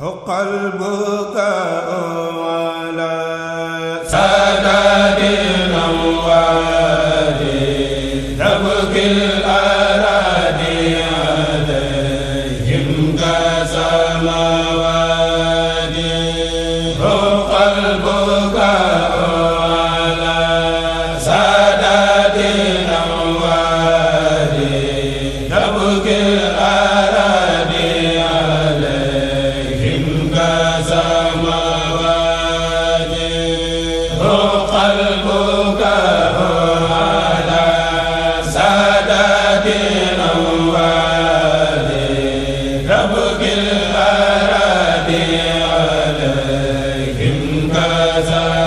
حق البكاء على سدد kaza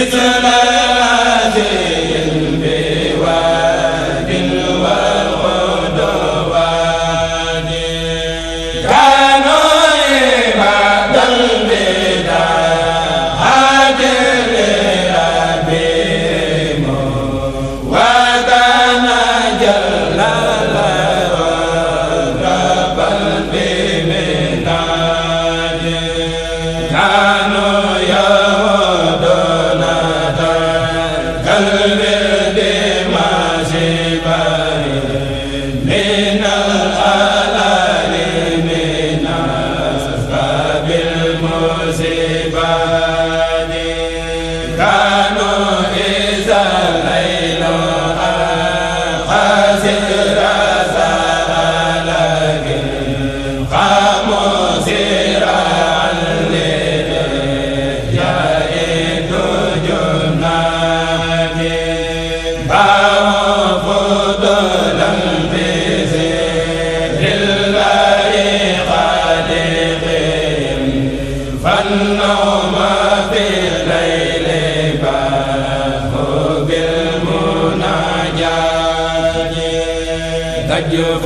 Israël jëf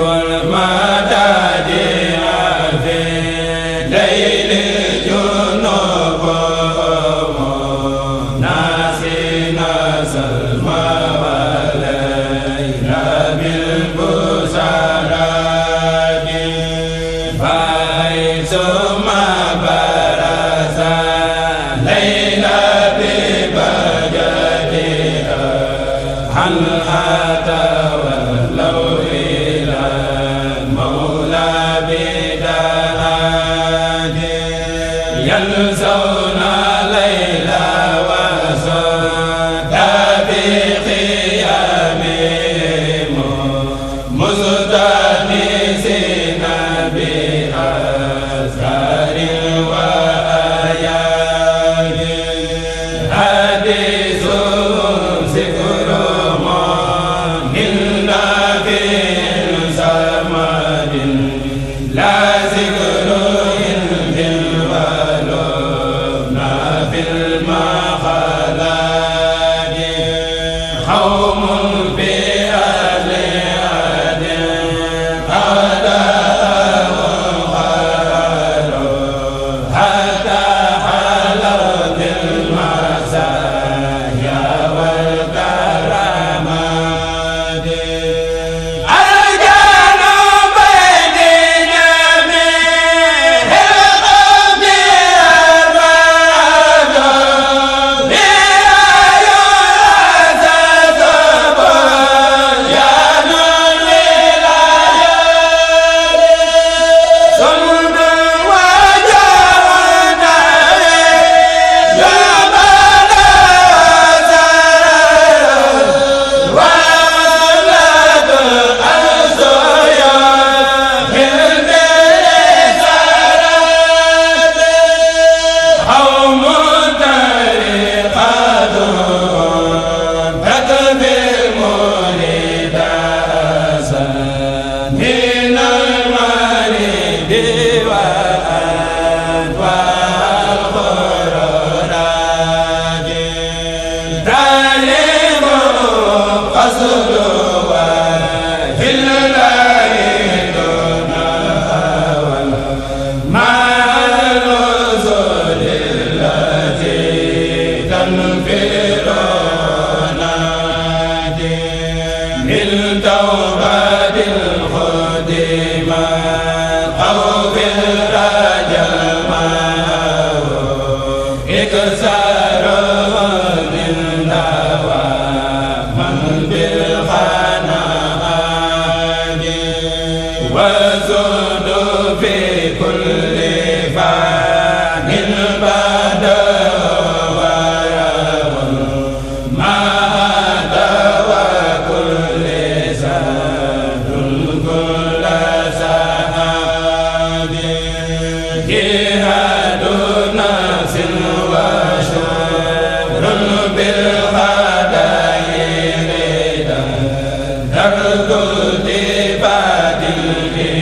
ardul li badil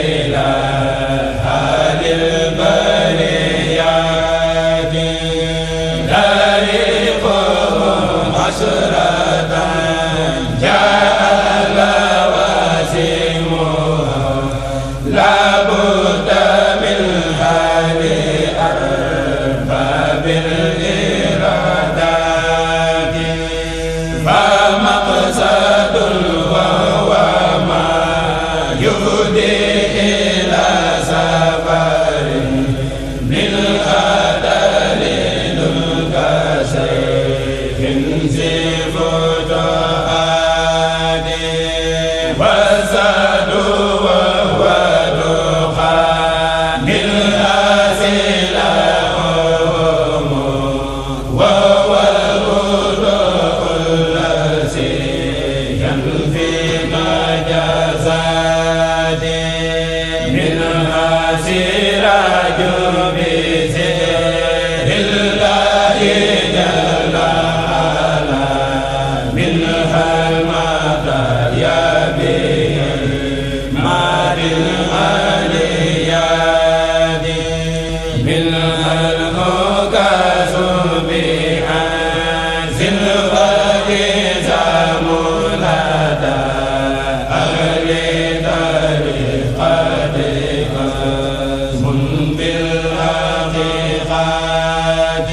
القادر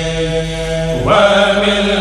ومن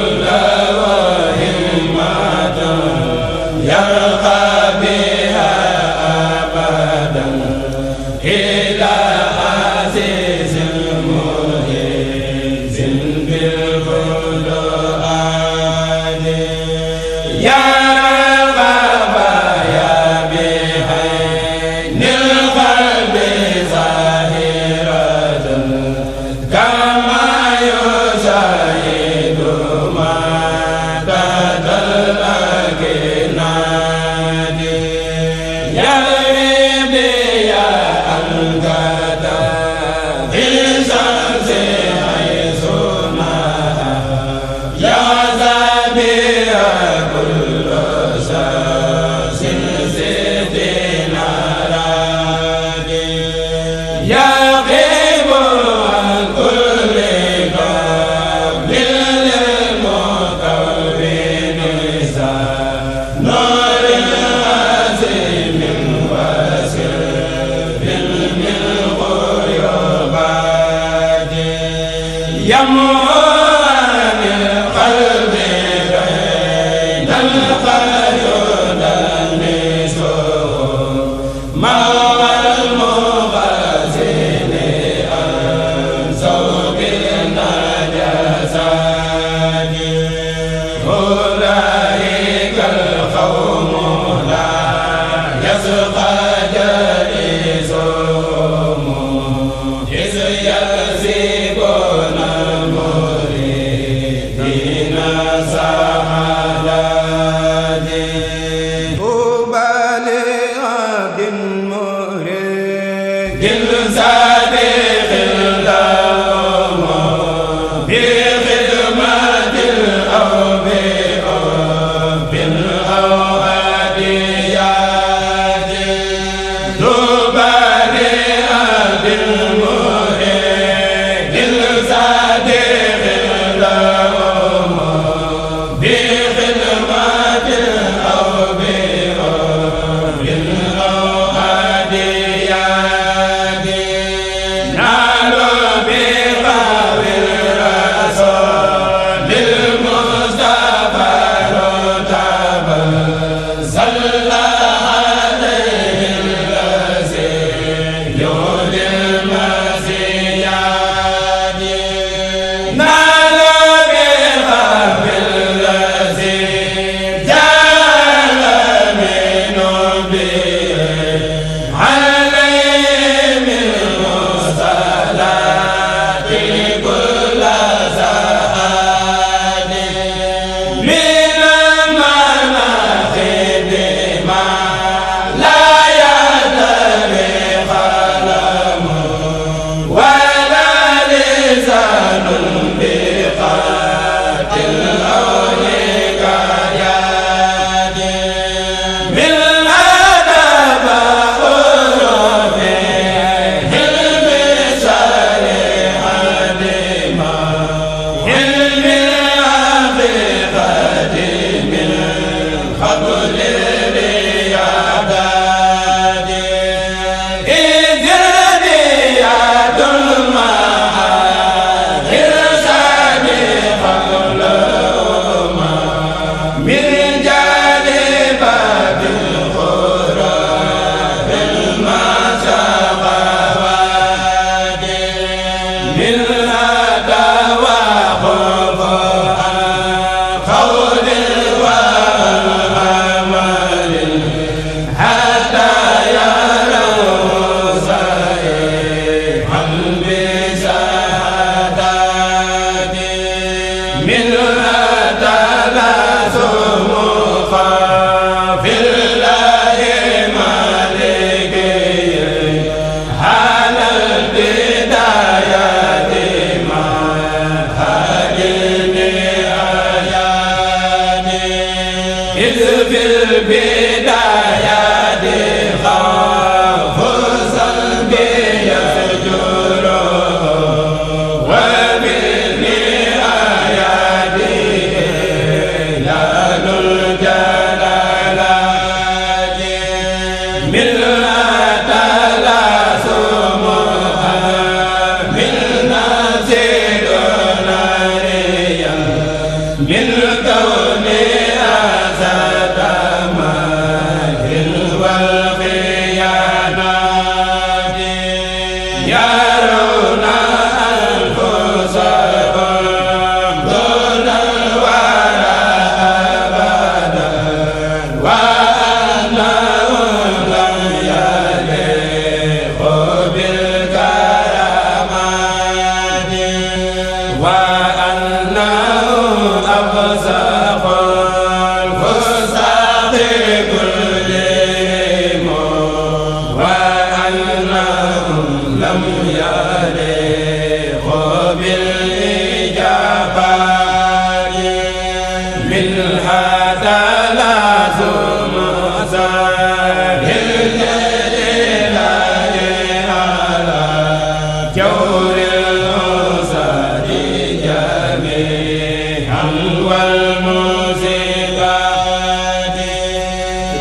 من قلب بين القلب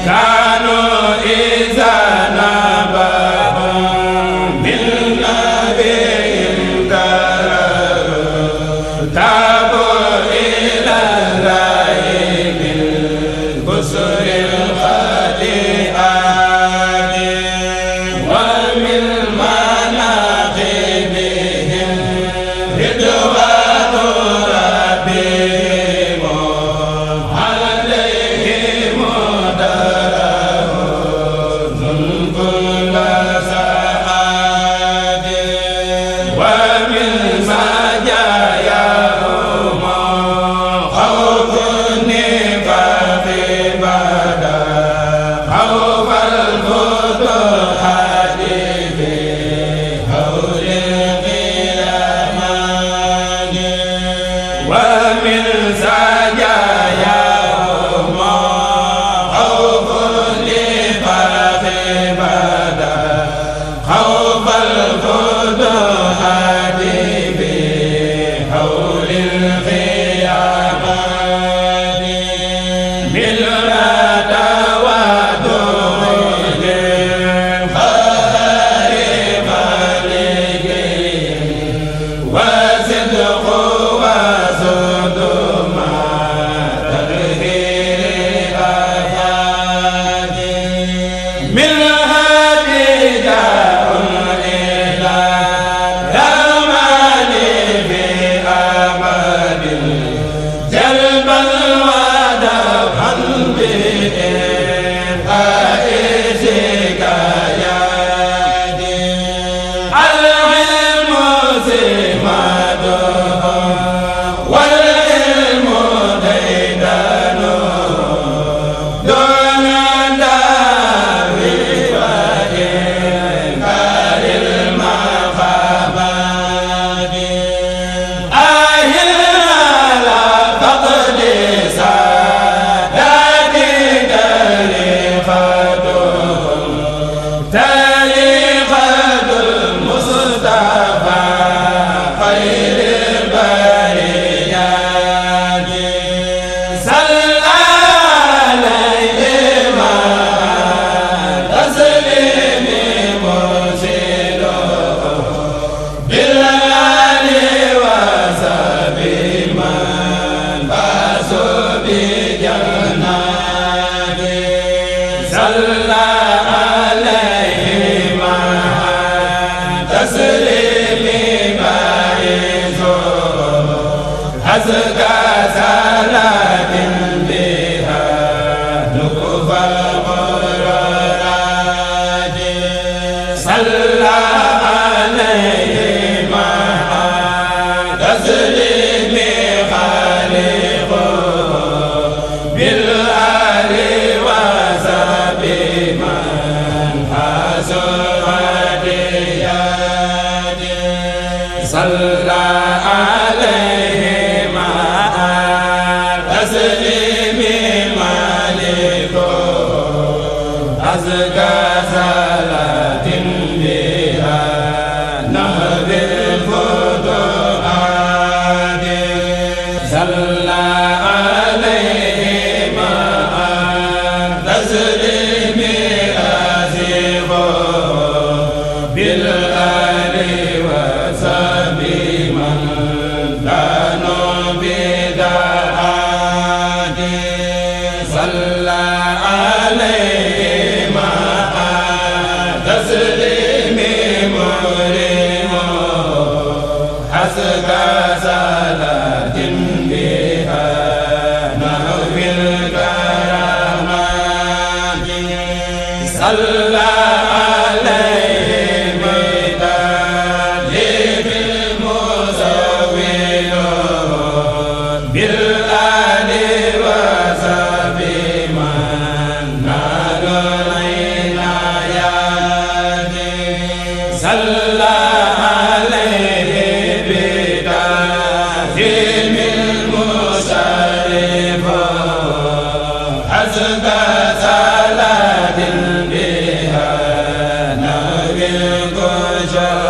ka as شاء